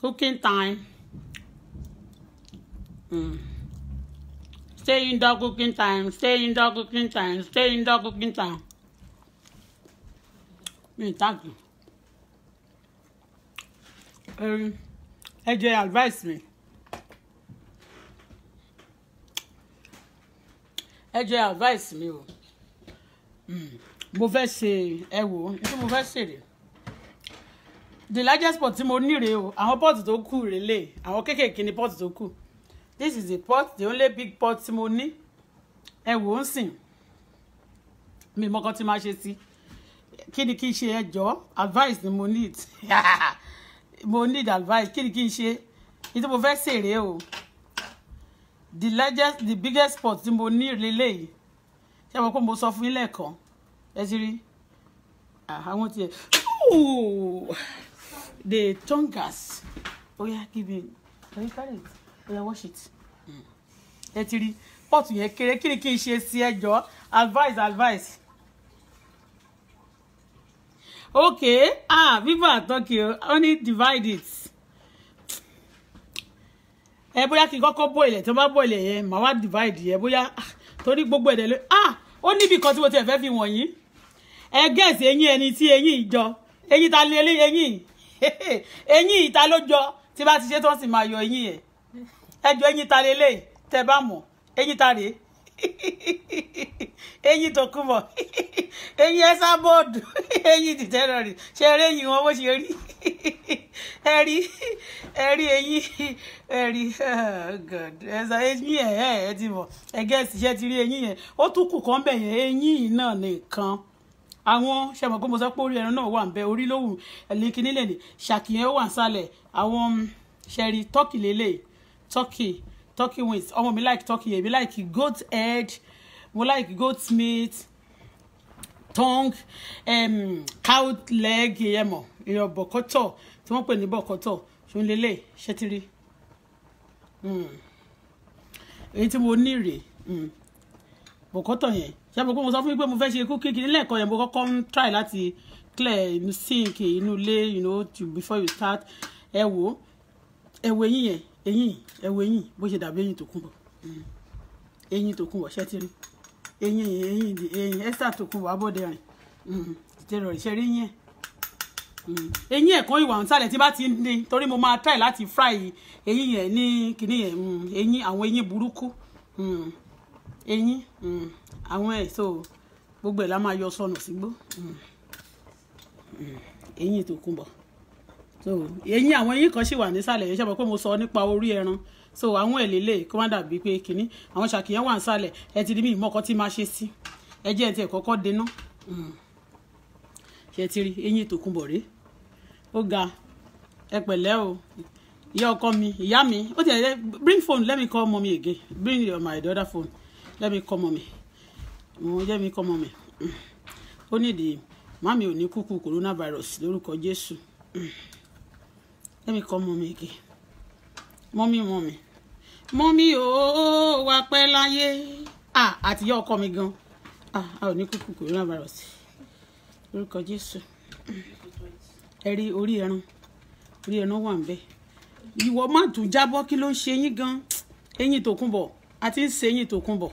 cooking time mm. stay indoor cooking time stay indoor cooking time stay indoor cooking time mi thank you um, ẹ jẹ́ me. mi ẹ me. advice mi o hmm. mo fẹ́ ṣe ẹ wò ó mo fẹ́ ṣe rèé the largest pot tí mo ní rèé o àwọn pot tó kù rèé lè àwọn kéékèèké ni pot tó kù this is the pot the only big pot tí mo ní ẹ wò ó ń sìn mi mọ́kàn tí máa ṣe sí kí ni kí n ṣe ẹjọ́ advice ni mo need mo need advice kí ni kí n ṣe ní tí mo fẹ́ ṣe rèé o the largest the biggest pot tí mo ní lélẹ́yìí ṣé mo kó mo sọ fún yín lẹ́ẹ̀kan ẹ ti rí àwọn ah, tiẹ̀ the tongas oh yeah, give me can you carry it oya oh wash it ẹ ti rí pọ́ọ̀tù yẹn kéré kí ni kí n advice advice okay ah people are talking only divide it ẹ bóyá kí n kọ́kọ́ bó ilẹ̀ tí wọ́n bá bó ilẹ̀ yẹn màá wá divide yẹn bóyá ah, torí gbogbo ẹ̀dẹ̀ ló ah ó níbi kan tí mo ti ẹ̀ fẹ́ fi wọ̀nyí ẹ gẹ̀ẹ́sì eyín ẹni tí eyín ìjọ eyín ta lé eyín eyín ìta ló jọ tí bá ti ṣe tó ń sì máa yọ eyín ẹ ẹjọ eyín ta lélẹyìí tẹ bá mọ eyín ta rèé eyín tó kú bọ eyín ẹsà bọọdù eyín dìtẹrọrì ṣe eré eyín wọn bó ṣe rí ẹrí ẹrí eyín ẹrí oh god ẹsà eyín ẹ ẹ ti mọ ẹgẹ ẹsì ṣe ti rí eyín yẹn ó tún kù kán bẹyẹn eyín náà nìkan àwọn ṣe mọ̀ pé mo sọ pé orí ẹran náà wà ń bẹ orí lówù ẹ̀lẹ́kìnní lè ní ṣàkìyẹn wà ń sálẹ̀ àwọn ṣẹ̀rí turkey lélẹ̀ turkey turkey wings ọmọ mi like turkey èmi like goat head mo like goat meat tongue um, cow leg yẹmọ èèyàn bọ̀kọ́tọ̀ tí wọ́n pè ní bọ̀kọ́tọ̀ ṣùn lélẹ̀ ṣẹ́tìrì hmm. èyí tí mo ní rèé hmm. bọ̀kọ́tọ̀ yẹn ṣé mo kó mo sọ fún yín pé mo fẹ́ ṣe cooking kìíní lẹ́ẹ̀kan yẹn mo kọ́kọ́ ń try láti clear inú sink inú ilé you know to before you start ẹ wò ó ẹ wo eyín yẹn eyín ẹ wo eyín bó ṣe dàbí eyín tó kún bọ̀ hmm. eyín tó kún bọ̀ ṣẹ́ ti rí eyín eyín eyín Esther tó kún bọ̀ Abọ́dẹrìn ìtẹ̀rọ̀ hmm. ìṣẹ́rí yẹn hmm. eyín ẹ̀kọ́ ìwà nsàlẹ̀ tí bá ti ń ní torí mo máa try láti fry eyín yẹn ní kìnìyẹn eyín àwọn eyín burúkú. Mm eyín um, àwọn èso gbogbo ẹ̀ la máa yọ sọnù sígbó um, um, eyín tó kún bọ̀ so eyín àwọn eyín kan sì wà nísàlẹ̀ yẹn ṣe mọ̀ pé mo sọ nípa orí ẹran so àwọn ẹ̀ lélẹ̀ kó má dàbí pé kínní àwọn ṣàkíyàn wà nísàlẹ̀ ẹ ti rí mi ìmọ̀kọ́ tí máa ṣe sí ẹ jẹ́ ẹ ti kọ́kọ́ dènà ṣe ti rí eyín tó kún bọ̀ rèé ó ga ẹ pẹ̀lẹ́ o ìyá ọkọ mi ìyá mi ó ti ẹ̀ bring phone let me call mommy again bring your my daughter phone Let me come, mommy. mo jẹ́mi kọ́ mommy. mi ó nídìí mami ò ní kúkú coronavirus lórúkọ Jésù jẹ́mi kọ́ ọmọ mi kì mommy. mọ́mí mọ́mí ò wá pẹ́ láyé àtìyá ọkọ mi gan a ò ní kúkú coronavirus lórúkọ Jésù ẹ rí orí ẹran orí ẹran wà ń bẹ ìwọ má tún jábọ́ kí ló gan eyín Tòkunbọ̀ àti ń ṣe eyín Tòkunbọ̀.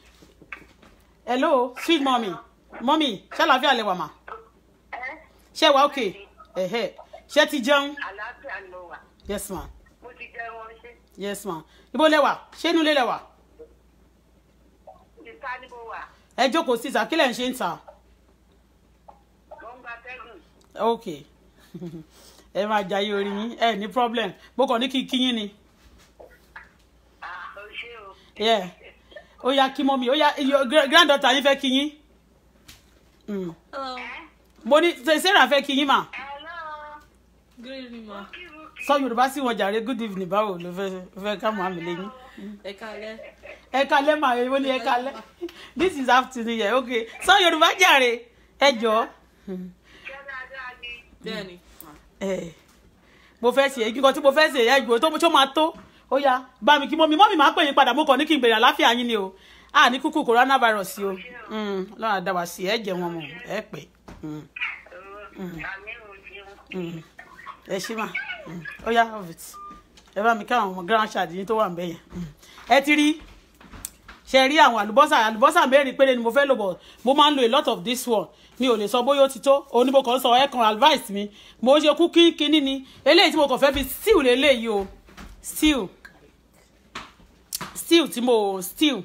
hello sweet mommy mommy shall I ṣàlàáfíà lẹ wà mà Shall wà okay ẹhẹ ṣe ti jẹun yes ma yes ma ibo lẹ Shall ṣé inú ilé lẹ wà ẹ jókòó síta kí sir? Okay. Eh my ta ok ẹ máa problem Boko kàn ní kí kí ah, Yeah ó yá kí mọ́mí ó your granddaughter yín fẹ́ kí yín. Mm. mo ní sarah fẹ́ kí yín mà. good evening ma. sọ yorùbá sí wọn jàre good evening báwo ló fẹ́ ká mọ́ àmì lẹ́yìn. ẹ kalẹ́. ẹ kalẹ́ ni ẹ kalẹ́ this is afternoon yẹn ok sọ yorùbá jàre ẹ jọ. bẹ́ẹ̀ni. Eh, mo fẹ́ ṣe é kíkọ tí mo fẹ́ ṣe é ẹgbẹ́ tó máa tó ó yá bá mi kí mọ́mí mọ́mí máa pè yín padà mo kàn ní kí n bèrè àláfíà yín ni o a ní kúkú coronavirus o mm, lọ́nà àdáwà sí ẹ jẹ wọn mọ̀ ẹ pẹ́ mm. mm. ẹ ṣí mà ó yá ọ̀fìt ẹ bá mi kí àwọn ọmọ grand chad yín tó wà nbẹ yẹn ẹ ti rí ṣe rí àwọn àlùbọ́sà àlùbọ́sà mẹ́rin péré ni mo fẹ́ lò bọ̀ mo máa ń lo a lot of this one mi ò lè sọ bóyá ó ti tó oníbo kan sọ ẹ kan advice mi mo ṣe kú kí ni eléyìí tí mo kàn fẹ́ fi stew lélẹ́yìí o stew steel tí mo steel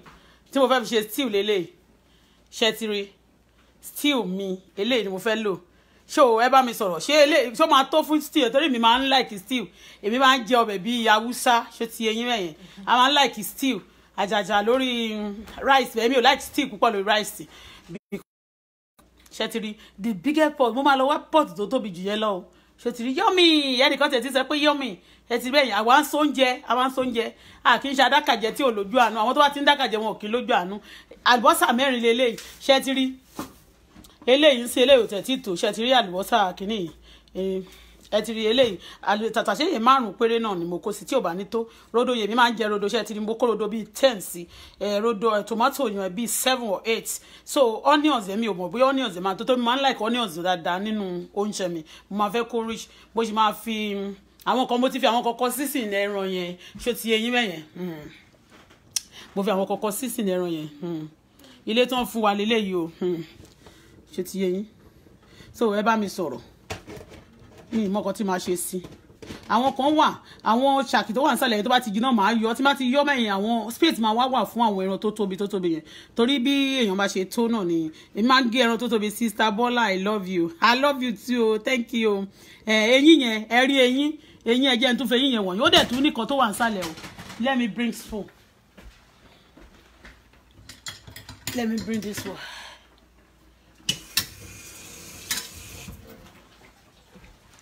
tí mo fẹ́ fi ṣe steel lélẹ̀ ṣe ti rí steel mi eléyìí ni mo fẹ́ lò ṣé o ẹ bá mi sọ̀rọ̀ ṣé eléyìí ṣé máa tó fún steel torí mi máa ń like steel èmi máa ń jẹ ọbẹ̀ bíi awúsá ṣé ti eyín mẹ́yẹn a máa ń like steel àjàjà lórí mm, rice èmi ò like steel púpọ̀ lórí rice ṣe the biggest pot mo máa lọ wá pot tó tóbi jù yẹn lọ ṣe ti rí yọ́mì ẹnìkan tẹ̀ ti sọ pé yọ́mì ẹ ti bẹ́yìn àwa ń sóúnjẹ àwa ń sóúnjẹ a kì í ṣe adákàjẹ tí ò lójú àánú àwọn tó bá ti ń dákàjẹ wọn ò kì í lójú àánú àlùbọ́sà mẹ́rin leléyìí ṣe ti rí eléyìí ń ṣe eléyìí ò tẹ̀tí tó ṣe àlùbọ́sà kìíní ẹ ti rí eléyìí tàtàṣeyè márùn péré náà ni mo kó sí tí ò bá ní tó rodo yèmí máa ń jẹ rodo ṣe ti mo kó rodo bíi ten sí rodo tomato yẹn bíi seven or eight so onions èmi ò mọ̀ bóyá onions èmi máa tó tó mi máa ń like onions dáadáa nínú oúnjẹ mi mo máa fẹ́ kó rich bó ṣe máa fi àwọn kan mo ti fi àwọn kọkọ sísìn ẹran yẹn ṣó ti eyín mẹ́yẹn hmm. mo fi àwọn kọkọ sísìn ẹran yẹn hmm. ilé tó ń fún wa lélẹ́yìí o hmm. ṣó ti eyín so ẹ bá mi sọ̀rọ̀ ní ìmọ̀kan tí màá ṣe sí àwọn kan wà àwọn ṣàkì tó wà nísàlẹ̀ tó bá ti jiná màá yọ tí bá ti yọ mẹ́yìn àwọn space máa wá wà fún àwọn ẹran tó tóbi tó tóbi yẹn torí bí èèyàn bá ṣe tó náà ni èmi máa ń gé ẹran tó tóbi sister Bọ́lá i love you i love you too thank you ẹ̀yìn yẹn ẹ rí ẹ̀yìn eyín ẹ̀jẹ̀ ń tún fẹ́ yín yẹn ó dẹ̀ tún nìkan tó wà nísàlẹ̀ o let me bring this spoon let me bring this one.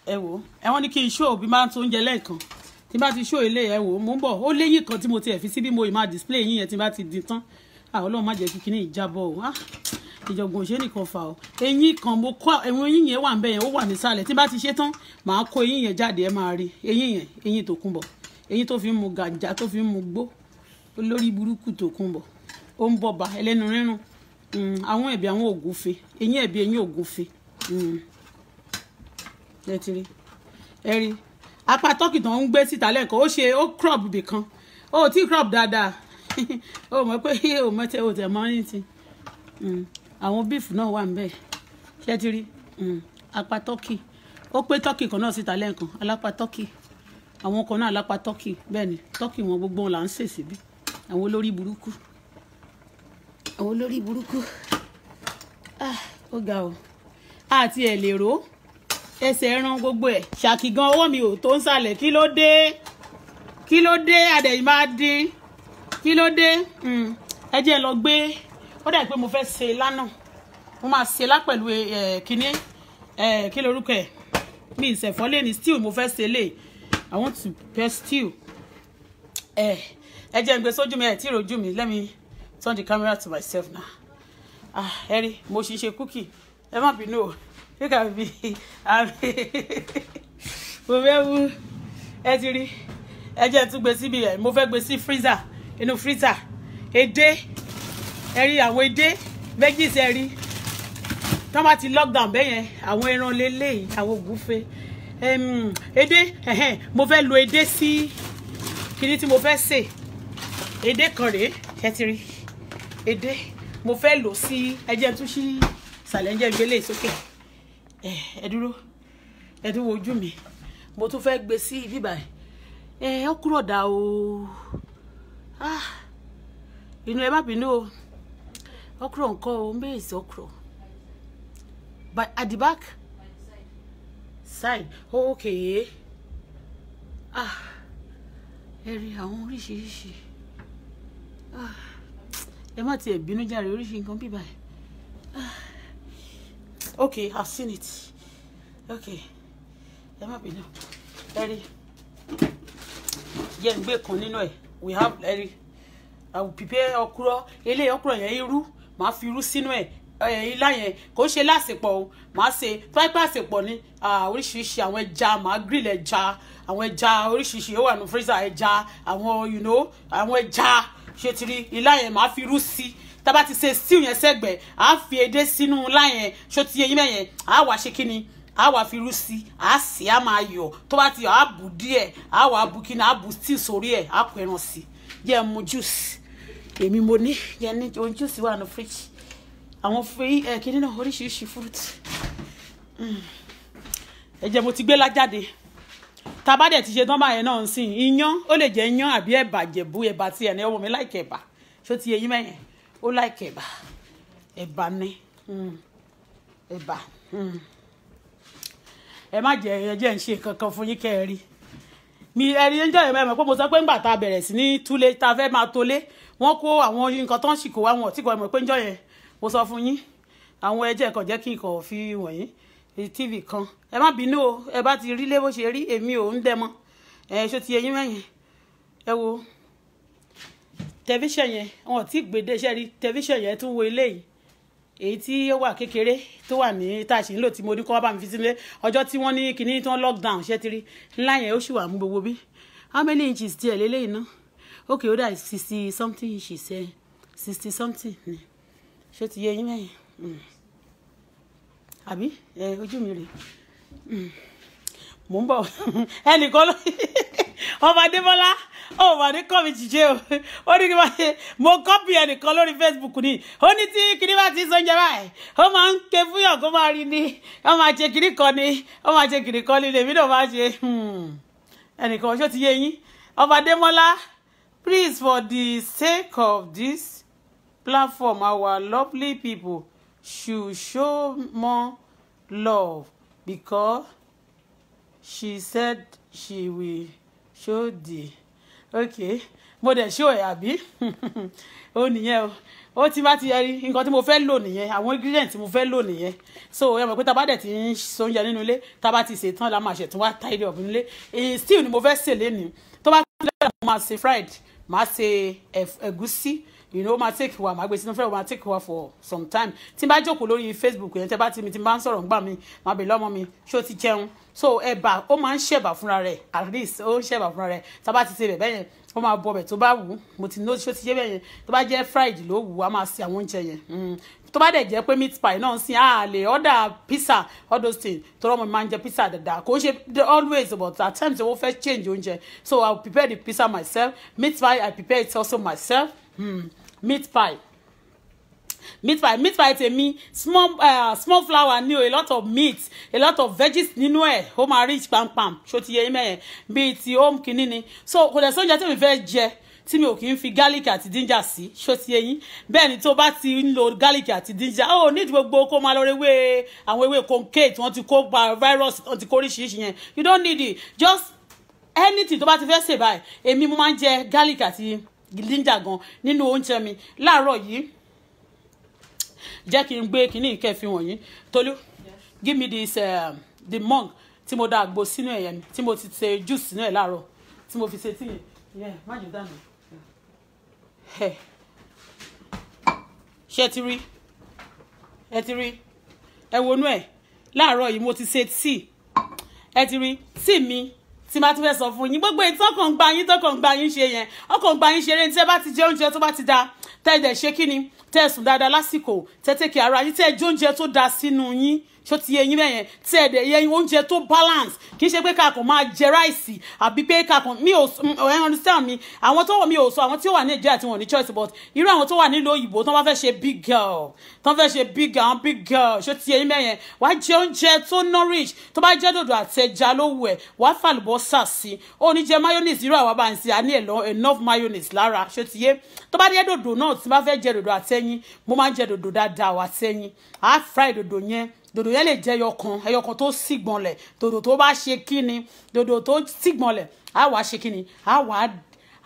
ẹ wo? ẹ wọ́n ní kí n ṣó òbí máa ń tó oúnjẹ lẹ́ẹ̀kan tí bá ti ṣó ilé ẹ wò mo ń bọ̀ ó léyìn kan tí mo ti ẹ̀ fi síbí mo ì máa display yín yẹn tí bá ti dín tán àwọn ah, ọlọ́run má jẹ́ kí ìjábọ̀ o ah ìjọ̀gbọ̀n òṣè nìkan fà ó eyín kan mo kọ́ ẹ̀wọ̀n eyín yẹn wà ń bẹ̀ yẹn ó wà nísàlẹ̀ tí bá ti ṣe tán màá kó eyín yẹn jáde ẹ máa rí eyín yẹn eyín Tòkunbọ̀ eyín tó fi ń mu gàǹjà tó fi ń mu gbó olórí burúkú Tòkunbọ̀ ó ń bọ̀bà ẹlẹ́nu rírun hmm, àwọn ẹ̀bí àwọn ògúnfe eyín ẹ̀bí eyín ògúnfe hmm. ẹ ti rí ẹ rí apá tọ́kì tó ń gbé síta lẹ́ẹ̀kan ó ṣe ó crop bìkan ó tí crop dáadáa ó mọ̀ pé ó mọ̀ tẹ́ ó tẹ̀ mọ́ ní ti àwọn bíìfù náà wà níbẹ̀ ṣé ti rí hmm. apá tọ́kì ó pé tọ́kì kan náà síta lẹ́ẹ̀kan alápá tọ́kì àwọn kan náà alápá tọ́kì bẹ́ẹ̀ ni tọ́kì wọn gbogbo wọn là ń sè síbí àwọn olórí burúkú àwọn olórí burúkú ah, ó ga o àti ẹ̀ lè ró ẹsẹ̀ ẹran gbogbo ẹ̀ ṣàkìgan ọwọ́ mi ò tó ń sàlẹ̀ kí ló dé kí ló dé adẹ̀yìn máa dín kí ló dé hmm. ẹ jẹ́ lọ gbé ó dà pé mo fẹ́ ṣe lánàá mo máa ṣe lá pẹ̀lú eh, eh, kíní eh, kí lorúkọ ẹ̀ mi ìṣẹ̀fọ́ lé ní stew mo fẹ́ ṣe lè i want to press stew ẹ ẹ jẹ́ n gbé sójú mi ẹ̀ tí ìrojú mi let me turn the camera to myself now ah ẹ rí mo ṣì ń ṣe kúkì ẹ má bínú o you can be happy mo fẹ́ wú ẹ ti rí ẹ jẹ́ tún gbé síbi ẹ̀ mo fẹ́ gbé sí freezer inú freezer edé ẹ rí àwọn edé méjì sí ẹ rí tán bá ti lockdown bẹ́yẹn àwọn ẹran lélẹ́yìí àwọn ògúnfe edé mo fẹ́ lo edé sí kíní tí mo fẹ́ sè edé kan rèé ṣẹ́tìrì edé mo fẹ́ lò sí ẹjẹ́ tún sí sàlẹ́ńjẹ́ gbélé e sókè eh, ẹ dúró ẹ tún wojú mi mo tún fẹ́ gbé sí ibi báyìí ẹ eh, ọ kúrò dà o ah, inú ẹ má bínú o ọkùrọ̀ nǹkan o ń bẹ́ẹ̀ sí ọkùrọ̀. But at the back? Side. Oh, okay. Ah. Ẹ̀rí àwọn oríṣiríṣi. Ah. Ẹ má tiẹ̀ bínú jàre oríṣi nǹkan bíbá ẹ̀. Ah. Okay, I've seen it. Okay. Ẹ má bínú. Ẹ̀rí. Jẹ́ ń gbé kan nínú ẹ̀. We have ẹ̀rí. I will prepare okuro. Eléyìí okuro yẹn irú. Màá fi irú sínú ẹ̀ ilá yẹn kò ṣe lásìpọ̀ o màá ṣe pẹ́pẹ́ àsìpọ̀ ní oríṣiríṣi àwọn ẹja màá grill ẹja àwọn ẹja oríṣiríṣi ó wà ní freezer ẹja àwọn you know àwọn ẹja ṣe ti rí ilá yẹn màá fi rú sí tába ti ṣe stew yẹn sẹ́gbẹ̀ẹ́ à á fi edé sínú ilá ṣó ti yẹ yín á wá ṣe kí ni a wá fi irú sí a sì á máa yọ tó bá ti yọ a bù díẹ̀ a wá bu kí ni a bù tíì sórí ẹ̀ a kó sí yẹ mu juice èmi mo ní yẹ ní oyin juice wà ní fíríjì àwọn kìnìún náà oríṣiríṣi fruit mm. ẹ̀jẹ̀ mo ti gbé lájáde tábà dẹ̀ ti ṣe tán báyẹn náà ń sìn iyán ó lè jẹ́ iyán àbí ẹ̀bà jẹ̀bú ẹ̀bà tiẹ̀ ní ọmọ mi láìkẹ̀ ẹ̀bà ṣó ti eyín mẹ́yẹn ó láìkẹ̀ ẹ̀bà ẹ̀bà ni mm. ẹ̀bà mm. ẹ má jẹ ẹjẹ ń ṣe kankan fún yín kẹrin mi ẹni ń jọ ìmọ̀ ẹ̀mọ̀ pé mo sọ pé ńgbà tá a bẹ̀rẹ̀ sí ní túlé tá a fẹ́ máa tolé wọ́n kó àwọn nǹkan tó ń ṣìkò wá wọn ò tí kò ẹ̀mọ̀ pé ń jọ yẹn mo sọ fún yín àwọn ẹjẹ kan jẹ́ kí n kàn fi wọ̀nyí tv kan ẹ má bínú o ẹ bá ti rí lé bó ṣe rí èmi ò ń dẹmọ ẹ ṣó ti eyín mẹyìn ẹ wo tẹfíṣàn yẹn wọn ò tí ì gbèdé iṣẹ́ rí tẹfíṣàn yẹn tún wo eléyìí èyí tí ó wà kékeré tó wà ní tá a ṣì ń lò tí mo ní kọ́ bá mi fi sílé ọjọ́ tí wọ́n ní kinní tí wọ́n lockdown ṣẹ́ ti rí ńlá yẹn ó sì wà mú gbogbo bí how many inches tiẹ̀ lélẹ́yìn náà okay ó dà sixty something inches ẹ̀ eh, sixty something ni ṣé ti yé yín mẹ́yìn hmm. àbí ojú mi rè hmm. mò ń bọ̀ ẹnìkan ló ọba adébọlá ó wà ní kọ́ mi jìjẹ́ o ó ní kí n bá ṣe mo kọ́pì ẹnìkan lórí facebook ni ó ní tí kiri bá ti sọ oúnjẹ báyìí ó máa ń ké fúyàn kó máa rí ni ó máa ṣe kiri kan ni ó máa ṣe kiri kan ni lèmi náà máa ṣe hmm. ẹnìkan ṣó ti yé yín ọba adémọlá please for the sake of this platform our lovely people should show more love because she said she will show the okay mo dẹ̀ show ẹ̀ Abi. ó nìyẹn o ó ti bá ti yẹri nǹkan tí mo fẹ́ lò nìyẹn àwọn ingredients, tí mo fẹ́ lò nìyẹn so ẹ mọ̀ pé taba bá dẹ̀ ti ń sóúnjẹ nínú ilé tá ti ṣe tán la máa ṣẹ̀tún wá tidy up nílé eh, still ni mo fẹ́ sè lénìí tó bá ti lẹ́yìn mo máa ṣe fried màá ṣe ẹ̀gúsí you know ó take wa máa gbé sínú fẹ́ ó máa take wa for some time tí n bá jókòó lórí facebook yẹn tẹ́ bá ti mi tí n bá ń sọ̀rọ̀ ńgbà mi máa bèèrè lọ́mọ mi ṣé ti jẹun so ẹ̀bà ó máa ń ṣẹ̀bà fúnra rẹ̀ at least ó ń ṣẹ̀bà fúnra rẹ̀ tá a bá ti ṣe bẹ̀ bẹ́yẹn ó máa bọ ọbẹ̀ tó bá wù ú mo ti know ṣé o ti jẹ́ bẹ́yẹn tó bá jẹ́ fried ló wù ú máa ṣe àwọn oúnjẹ yẹn hmm. tó bá dẹ̀ jẹ́ pé meat pie náà sin a lè order pizza all those things tọ́rọ mo máa ń jẹ pizza dáadáa kò ṣe always but at times owó fẹ́ change oúnjẹ so i prepare the pizza myself meat pie i prepare it also myself. Hmm meat pie meat pie meat pie tèmi small uh, small flour ni o a lot of meat a lot of veggies nínú ẹ̀ ó máa rich pampam ṣó ti yẹ yín mẹ́yẹn bíi ti home kìíní ni so kò lè sóúnjẹ tí mi fẹ́ jẹ tí mi ò kì í fi gálíkì àti díńjà sí ṣó ti eyín bẹ́ẹ̀ ni tó bá ti ń lo gálíkì àti díńjà ó ní gbogbo kó máa lọ ewé àwọn ewé concate wọ́n ti kó virus wọ́n ti kó oríṣiríṣi yẹn you don't need it just anything tó bá ti fẹ́ ṣe báyìí èmi mo máa ń jẹ gálíkì àti díńjà ginger gan nínú oúnjẹ mi láàárọ̀ yìí jẹ́ kí n gbé kínní ìkẹfì wọ̀nyí Tolu, give me this uh, the mung tí mo da àgbo sínú ẹ̀yẹ mi tí mo ti ṣe juice Sinu ẹ̀ láàárọ̀ tí mo fi ṣe tíì yẹn má jù dànù ṣé ti rí ẹ ti rí ẹ wonú ẹ láàárọ̀ yìí mo ti ṣe tíì ẹ ti rí tíì mi tí máa tún fẹ́ sọ fún yín gbogbo ìtàn kan gba yín tó kàn gba yín ṣe yẹn ọkàn gba yín ṣeré tí ẹ bá ti jẹ oúnjẹ tó bá ti da tẹ́ ẹ dẹ̀ ṣe kí ni tẹ́ ẹ sùn dáadáa lásìkò tẹ́ tẹ́kẹ̀ ara yín tẹ́ ẹ jóúnjẹ tó da sínú yín ṣó ti yẹyin bẹ́yẹn tí ẹ̀ dẹ̀ yẹyin oúnjẹ tó balance kì í ṣe pé kakàn máa jẹ ráìsì àbí pé kakàn mi ò ẹ understand mi àwọn tó wọ mi ò sọ àwọn tí ó wà ní Nàìjíríà tí wọn ní choice but irú àwọn tó wà nílùú òyìnbó tó wọn fẹ́ ṣe big girl tó wọn fẹ́ ṣe big girl big girl ṣó ti yẹyin bẹ́yẹn wàá jẹ oúnjẹ tó nourish tó bá jẹ́ dòdò àtẹja ló ẹ̀ wàá enough mayonnaise lára ṣó ti yé tó bá jẹ́ dòdò náà tí bá fẹ́ jẹ dòdò àtẹyin mo máa ń jẹ dòdò dáadáa fry dòdò yẹn Dodo, yẹn lè jẹ́ ẹyọkan ẹyọkan tó sígbọnlẹ̀ Dodo, tó bá ṣe kíni dòdò tó sígbọnlẹ̀ á wàá ṣe kíni á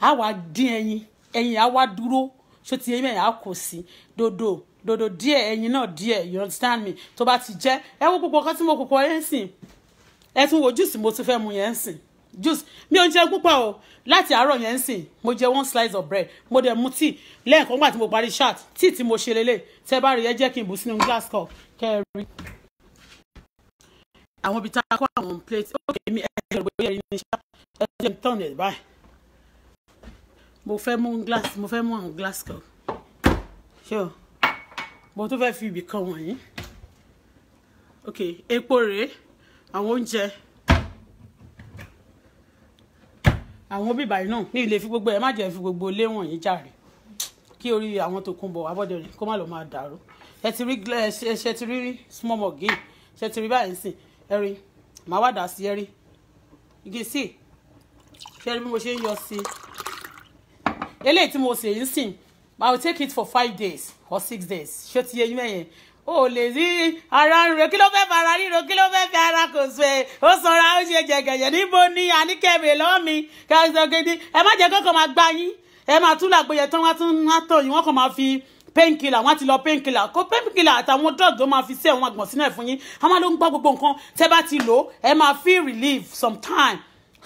wàá dín ẹyin ẹyin á wá dúró ṣó ti ẹyin ẹyin á kò sí dòdò dòdò díẹ̀ ẹyin náà díẹ̀ you understand me tó bá ti jẹ́ ẹ wo púpọ̀ kan tí mo púpọ̀ yẹn sìn ẹ tún wo juice mo tún fẹ́ mu yẹn sìn juice mi ò jẹ púpọ̀ o láti àárọ̀ yẹn ń sìn mo jẹ one slice of bread mo dẹ̀ mu tea lẹ́ẹ̀kan gbà tí mo parí chat tea tí mo ṣe lélẹ̀ tẹ́ bá rí ẹ jẹ́ kí n bù sínú glass cup kẹ́ àwọn ibi tá a kó àwọn plate ok mi ẹ̀jẹ̀ rẹ̀ bóyá ẹ̀yin ṣá ẹ̀jẹ̀ tán ẹ̀ báyìí mo fẹ́ mú glass mo fẹ́ mú àwọn glass kan ṣé o mo tún fẹ́ fi ibì kan wọ̀nyí ok epo rèé àwọn oúnjẹ àwọn bíbà yìí náà ní ilé fi gbogbo ẹ má jẹ́ fi gbogbo ilé wọ̀nyí jàre kí orí àwọn tó kún bọ̀ abọ́dẹ̀rìn kó má lọ́ọ́ máa dàrú ẹ ti rí ẹ ti rí small mug yìí ṣe ti rí báyìí sìn ẹ̀rí màá wá dà sí ẹ̀rí you can see ṣẹ́rí bí mo ṣe ń yọ sí eléyìí tí mo ṣe yìí sìn I will take it for five days or six days ṣé ti yẹ yín mẹ́yẹn o lè rí ara ń ro kí ló fẹ́ fara ríro kí ló fẹ́ fi ara kò sọ ẹ̀ ó sanra ó ṣe jẹ̀gẹ̀jẹ̀ níbo ni àníkẹ́bẹ̀ lọ́wọ́ mi kí a sọ gidi ẹ má jẹ́ kọ́kọ́ máa gbá yín ẹ máa tún làgbóyè tán wá tún wá tó yín wọ́n kàn máa fi painkiller wọn ti lọ painkiller kó painkiller àtàwọn drug tó máa fi sí ẹ̀wọ̀n àgbọ̀nsí náà fún yín a máa ló ń gbọ́ gbogbo nǹkan tẹ́ bá ti lò ó ẹ máa feel relief sometime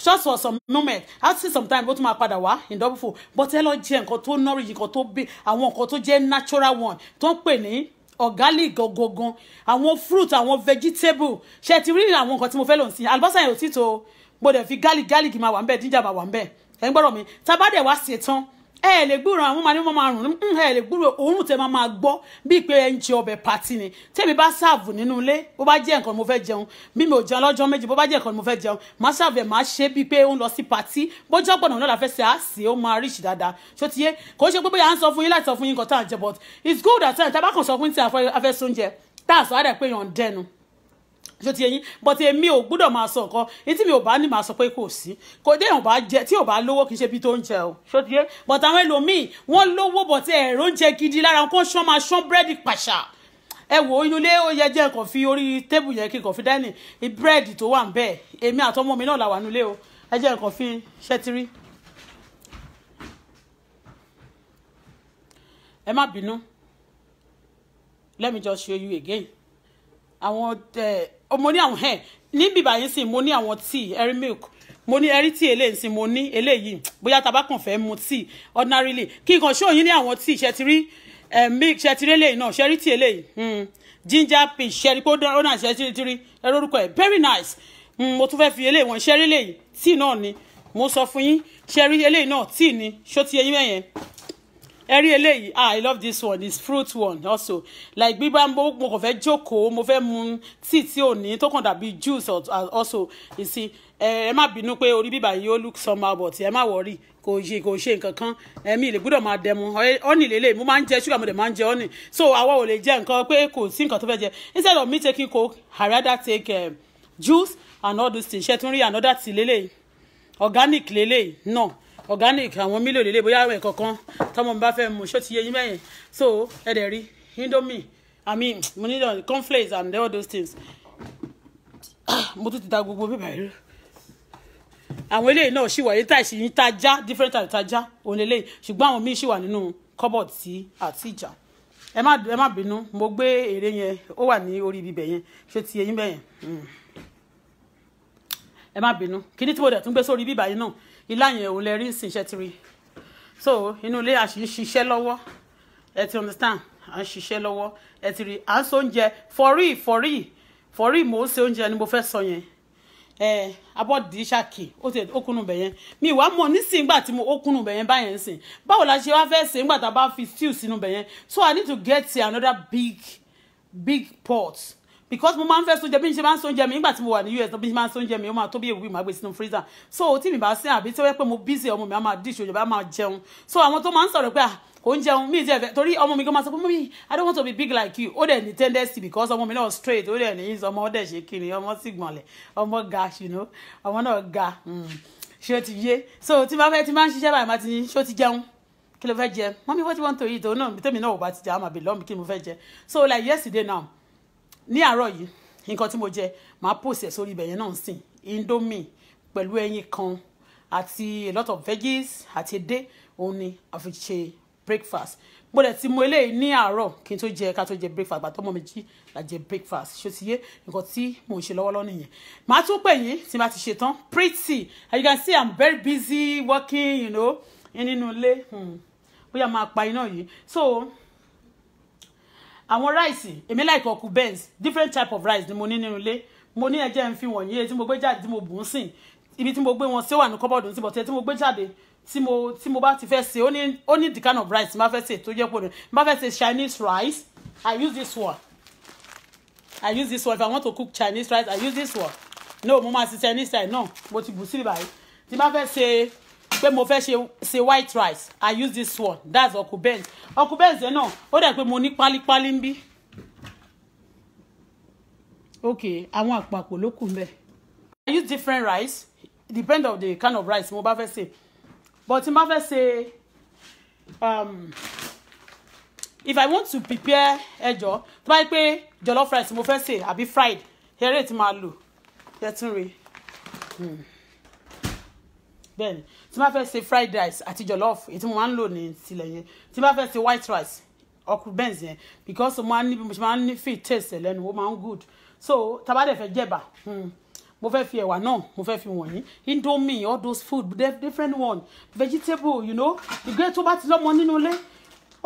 just for some moment after some time ó tún máa padà wá in double full but ẹ lọ jẹ nǹkan tó nọ́rì yìí nǹkan tó bí àwọn nǹkan tó jẹ́ natural one tó ń pè ní organic gangan àwọn fruit àwọn vegetable ṣe ti rí àwọn nǹkan tí mo fẹ́ lò sí àlùbọ́sà yẹn ò tí tó gbọdọ̀ fi garlic garlic máa wà ń bẹ̀ ginger máa wà ń bẹ̀ ẹ̀ ń gbọ́dọ̀ mi tá a bá dẹ̀ wá ṣe tán ẹ lè gbúrò àwọn máa ní wọn máa rùn ní ẹ lè gbúrò òórùn tẹ máa máa gbọ́ bíi pé ẹ ń jẹ ọbẹ̀ pàtì ni tèmi bá ṣààbù nínú ilé bó bá jẹ́ nǹkan mo fẹ́ jẹun bí mi ò jẹun lọ́jọ́ méjì bó bá jẹ́ nǹkan mo fẹ́ jẹun máa ṣààbù ẹ̀ máa ṣe bíi pé ó ń lọ sí pàtì bójọ́ gbọ̀nà náà la fẹ́ ṣe á sì ó máa ríṣì dáadáa ṣó ti yé kò ṣe pé bóyá à ń sọ fún yín láti sọ fún yín nǹkan tá à ń jẹ but it's good at times tá a bá kàn sọ fún yín tí a fẹ́ sóúnjẹ tá a sọ á dẹ̀ pé yàn dẹnu ṣó ti yẹyin but èmi ò gbúdọ̀ máa sọ nǹkan ní tí mi ò ba. ní máa sọ pé kò sí kò dé ìwọ̀nba jẹ tí ò bá lówó kì í ṣe bí tó ń o ṣó ti but àwọn ẹlòmíì wọ́n lówó but ẹ̀rọ ń jẹ gidi lára wọn kó ṣán máa ṣán búrẹ́dì pàṣà wo inú ilé ó yẹ jẹ́ kàn fi orí tébù yẹn kí kàn fi dání búrẹ́dì tó wà ń bẹ́ẹ̀ èmi àtọmọ mi náà là wà nílé o ẹ jẹ́ kàn fi ṣẹ́tírí. ẹ má bínú let me just show you again àwọn tẹ. Oh, mo ní àwọn ẹ̀ níbi ìbàyẹn sì mo ní àwọn tíì ẹ̀rí milk mo ní ẹ̀rí tíì eléyìí sì mo ní eléyìí bóyá tá a bá kàn fẹ́ mu tíì ordinarily kí n kàn ṣó yín ní àwọn tíì ṣe ti rí eh, milk ṣe ti rí eléyìí náà ṣe rí tíì eléyìí hmm. ginger peach ṣe rí pé ó náà ṣe ti rí ẹ̀rọ orúkọ ẹ̀ very nice hmm, mo tún fẹ́ fi eléyìí wọn ṣe rí eléyìí tíì náà ni mo sọ fún yín ṣe rí eléyìí náà tíì ni ṣó ti eyín mẹ́yẹn ẹ eléyìí ah i love this one it's fruit one also like gbígbá mo mo kàn fẹ́ jókòó mo fẹ́ mu tíì tí ò ní tó kàn dàbí juice uh, also you see ẹ má bínú pé orí bíbà yìí ó look somehow but ẹ má worry kò ṣe kò ṣe nǹkan kan ẹ̀mí ilé gbọ́dọ̀ máa dẹmu ọ́nì lélẹ̀ mo máa ń jẹ ṣúgà mo dẹ̀ máa ń jẹ ọ́nì so àwa ò lè jẹ nǹkan pé kò sí nǹkan tó fẹ́ jẹ instead of me taking coke i rather take eh, juice and all those things ṣe tún rí another tea lélẹ̀ organic lele náà. No organic àwọn mílò lélẹ bóyá àwọn ẹ̀kọ̀ọ̀kan tọmọ mi bá fẹ́ mu ṣó ti yé yín bẹ́yẹn so ẹ̀dẹ̀ rí indomie i mean mo need on cornflakes and all those things ah, mo tún ti da gbogbo bíbá yìí àwọn eléyìí náà ṣì wà yìí táì ṣì ń tajá different type tajá òun eléyìí ṣùgbọ́n àwọn míì ṣì wà nínú cupboard tí àti ìjà ẹ má ẹ má bínú mo gbé èrè yẹn ó wà ní orí ibi bẹ̀ yẹn ṣó ti yé yín bẹ́yẹn hmm. ẹ má bínú kíní tí mo dẹ̀ tún gbé sórí bíbá yìí náà ilá yẹn òun lè rí ìsìn iṣẹ́ ti rí so inú ilé à ń ṣiṣẹ́ lọ́wọ́ ẹ ti understand à ń ṣiṣẹ́ lọ́wọ́ ẹ ti rí à ń so oúnjẹ fọrí fọrí fọrí mò ń ṣe oúnjẹ ni mo fẹ́ sọ yẹn ẹ abọ́dì ṣàkì ó ti ó kúnnù bẹ̀yẹn mi ìwà mọ̀ nísìnyí gbà tí mo ó kúnnù bẹ̀yẹn báyẹn sìn báwo la ṣe wá fẹ́ ṣe nígbà tá a bá fi stew sínú bẹ̀yẹn so I need to get another big big pot because mo máa ń fẹ́ sóúnjẹ bí n ṣe máa ń sóúnjẹ mi nígbà tí mo wà ní US náà bí n ṣe máa ń sóúnjẹ mi ó máa tó bí èwì màá sínú freezer so tí mi bá sí àbí tí wọ́n pẹ́ mo busy ọmọ mi á máa dish òjò bá máa jẹun so àwọn tó máa ń sọ̀rọ̀ pé ah, kò ń jẹun mí ìjẹ́ ẹ̀fẹ̀ torí ọmọ mi gan máa sọ pé mọ́mí I don't want to be big like you ó dẹ̀ ní tendency because ọmọ mi náà straight ó dẹ̀ ní ọmọ ọdẹ ṣe kiri ọmọ sì gbọ̀nlẹ̀ ọmọ ga you know ọmọ náà ga hmm, ṣé o ti yé so tí máa fẹ́ tí máa ń ṣiṣẹ́ báyìí máa ti ní ṣé o ti jẹun kí ló fẹ́ jẹ mọ́mí what you want to eat òun náà tèmi náà ò bá ti jẹ àwọn àbí lọ́mù kí mo fẹ́ jẹ so like yesterday now ní àárọ̀ yìí nǹkan tí mo jẹ màá pòsè sórí ibẹ̀ yẹn náà sìn indomie pẹ̀lú ẹyin kan àti a lot of veggies àti edé òun ni àfi ṣe breakfast mo dẹ̀ ti mu eléyìí ní àárọ̀ kí n tó jẹ ká tó jẹ breakfast gbàtọ́ mọ́ mi jí la jẹ breakfast ṣó ti yé nǹkan tí mò ń ṣe lọ́wọ́lọ́wọ́ nìyẹn màá tún pè yín tí màá ti ṣe tán pretty as you can see i'm very busy working you know nínú ilé hmm. bóyá máa pa iná yìí so àwọn ráìsì èmi láì kọ̀ọ̀kù benz different type of rice ni mo ní nínú ilé mo ní ẹjẹ́ ń fi wọ̀nyí etí mo gbé jáde tí mo bù ń sìn ibi tí mo gbé wọn sí wà ní kọ́bọ̀dù ń sìn bọ̀tẹ́ tí mo gbé jáde tí mo bá ti fẹ́ ṣe ó ní the kind of rice má fẹ́ ṣe tó jẹ́ pò ní má fẹ́ ṣe Chinese rice I use this one I use this one if I want to cook Chinese rice I use this one no mo máa ṣe Chinese rice náà mo ti bù sí ibà yìí tí má fẹ́ ṣe pé mo fẹ́ ṣe ṣe white rice i use this one that's okubens okubens yẹn náà ó dẹ̀ pé mo ní pálípálí ń bí ok àwọn àpapọ̀ ló kù mbẹ̀. i use different rice depend on the kind of rice mo bá fẹ́ ṣe but tí mo bá fẹ́ ṣe um, if i want to prepare ẹjọ tó bá yẹ pé jollof rice mo fẹ́ ṣe àbí fried eré tí màá lò ẹ tún rí. Hmm bẹ́ẹ̀ ni tí máa fẹ́ ṣe fried rice àti jollof èyí tí mo máa ń lò ní tilẹ̀ yẹn tí máa fẹ́ ṣe white rice ọkùnrin bẹ́ẹ̀ yẹn because mo máa ń ní mo máa ń ní fi taste lẹ́nu ó máa ń good so tabadẹ fẹ́ jẹ̀bà hmm, mo fẹ́ fi ẹ̀wà náà mo fẹ́ fi wọ̀nyí indomie all those food different one vegetable you know ìgbé tó bá ti lọ́mọ nínú ilé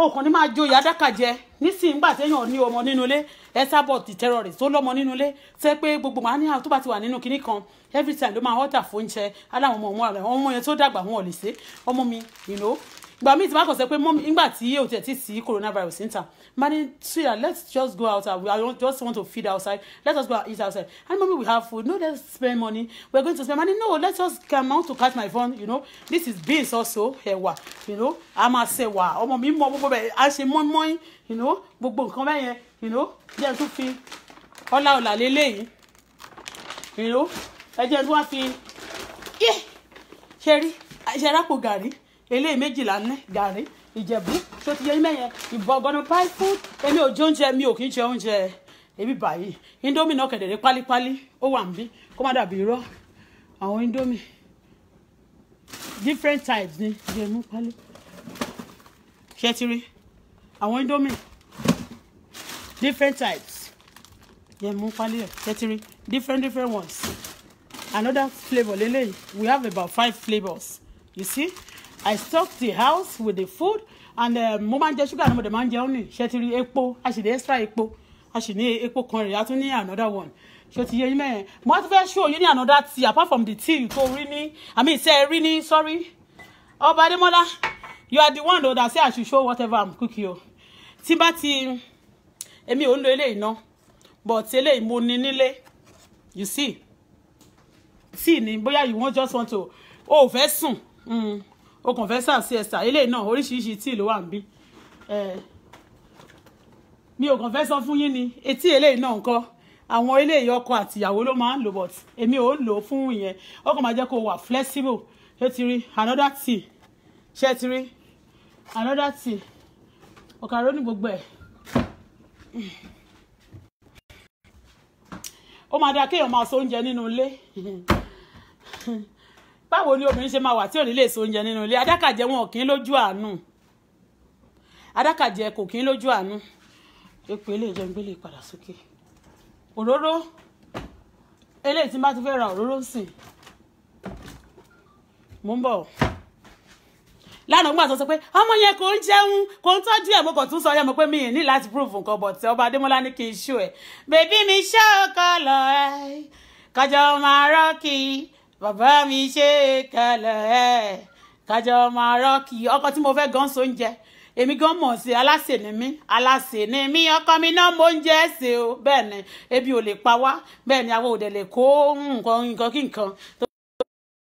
òkàn ní máa joyè adákàjẹ nísìnyí gbà téèyàn ní ọmọ nínú ilé ẹ sábọ̀ ti terrorist tó lọ́mọ nínú ilé tẹ́ pé gbogbo màá ní àwọn tó bá ti wà nínú kinní kan every time ló máa họ́tà fóúnjẹ aláwọn ọmọ ọmọ rẹ ọmọ yẹn tó dàgbà wọn ò lè ṣe ọmọ mi you know ìgbà míì tí má kàn sọ pé mọ́mí nígbà tí yóò tẹ̀ tí sí coronavirus níta má ní suya ah, let's just go out ah, we are just want to feed outside let us go eat outside and mommy, we have food no let's spend money we are going to spend money no let's just come out to catch my phone you know this is beans also ẹ̀wà you know a máa ṣe wà ọmọ mi mọ gbogbo bẹ́ẹ̀ a ṣe mọ́ínmọ́ín you know gbogbo nǹkan bẹ́ẹ̀ yẹn you know jẹ́ tún fi ọlá ọ̀là lélẹ́yìí you know ẹ jẹ́ tún wá fi ṣe rí ṣe rápò gàrí eléyìí méjìlá ní gàrí ìjẹ̀bú tó ti yẹ ní mẹ́yẹn ìbọ̀gọ́nù páìpù èmi ò jẹ oúnjẹ mi ò kì í jẹ oúnjẹ èmi báyìí indomie náà kẹ̀dẹ̀dẹ̀ pálípálí ó wà níbí kó má dàbí irọ́ àwọn indomie different types ni jẹ̀mú pálí ṣe ti rí àwọn indomie different types jẹ̀mú pálí ẹ̀ different different ones another flavour lélẹ́yìí we have about five flavours you see. I stock the house with the food and um, mo máa ń jẹ sugar ni mo dẹ̀ máa ń jẹ ọ́nì ṣe ti rí epo a sì ní extra epo a sì ní epo kan rẹ̀ a tún ní another one ṣe ti yẹ yín mẹ́rin mo á tún fẹ́ ṣó yín ní another tea apart from the tea tó rí ní I mean ṣe rí ní sorry ọba Adémọ́lá you are the one though that say I should show whatever I'm cooking o tí bá ti èmi ò ń lo eléyìí ná but eléyìí mo ní nílé you see tea ni bóyá you wan just want to o ò fẹ́ sùn. Hmm o kàn fẹ́ sà sí ẹ̀sà eléyìí náà oríṣiríṣi tíì ló wà níbí mi ò kàn fẹ́ sọ fún yín ni etí eléyìí náà ńkọ́ àwọn eléyìí ọkọ àtìyàwó ló máa ń lò but èmi ò lò ó fún ìyẹn ó kàn máa jẹ́ kó wà flexible ṣé ti another tea ṣé ti rí o tea ọ̀kàrọ̀ ní gbogbo ẹ̀ ó máa dáa kéèyàn máa so oúnjẹ nínú ilé. báwo ni obìnrin ṣe máa wà tí ò ní lè so oúnjẹ nínú ilé adákàjẹ wọn ò kí ń lójú àánú adákàjẹ kò kí ń lójú àánú epo eléyìí jẹun gbélé padà sókè òróró eléyìí tí n bá ti fẹ́ ra òróró sìn mò ń bọ̀ lánàá gbọ́dọ̀ sọ pé ọmọ yẹn kò ń jẹun kò ń tọ́jú ẹ̀ mo kàn tún sọ yẹn mo pé mi ì ní láti prove nǹkan bọ̀ tí ọba adémọlá ní kí n ṣó ẹ̀ bèbí mi ṣe ọkọ lọ ẹ kájọ máa rọ́ọ̀kì bàbá mi ṣe é kalẹ̀ ẹ̀ kájọ máa rọ́ọ̀kì ọkọ tí mo fẹ́ gan so oúnjẹ èmi gan mọ̀ sí aláṣẹ ni mí aláṣẹ ni mí ọkọ mi náà mo ń jẹ́ ẹ̀sẹ̀ o bẹ́ẹ̀ ni ebi ò lè pa wá bẹ́ẹ̀ ni àwọn òdẹ̀ lè kó nǹkan nǹkan kí nǹkan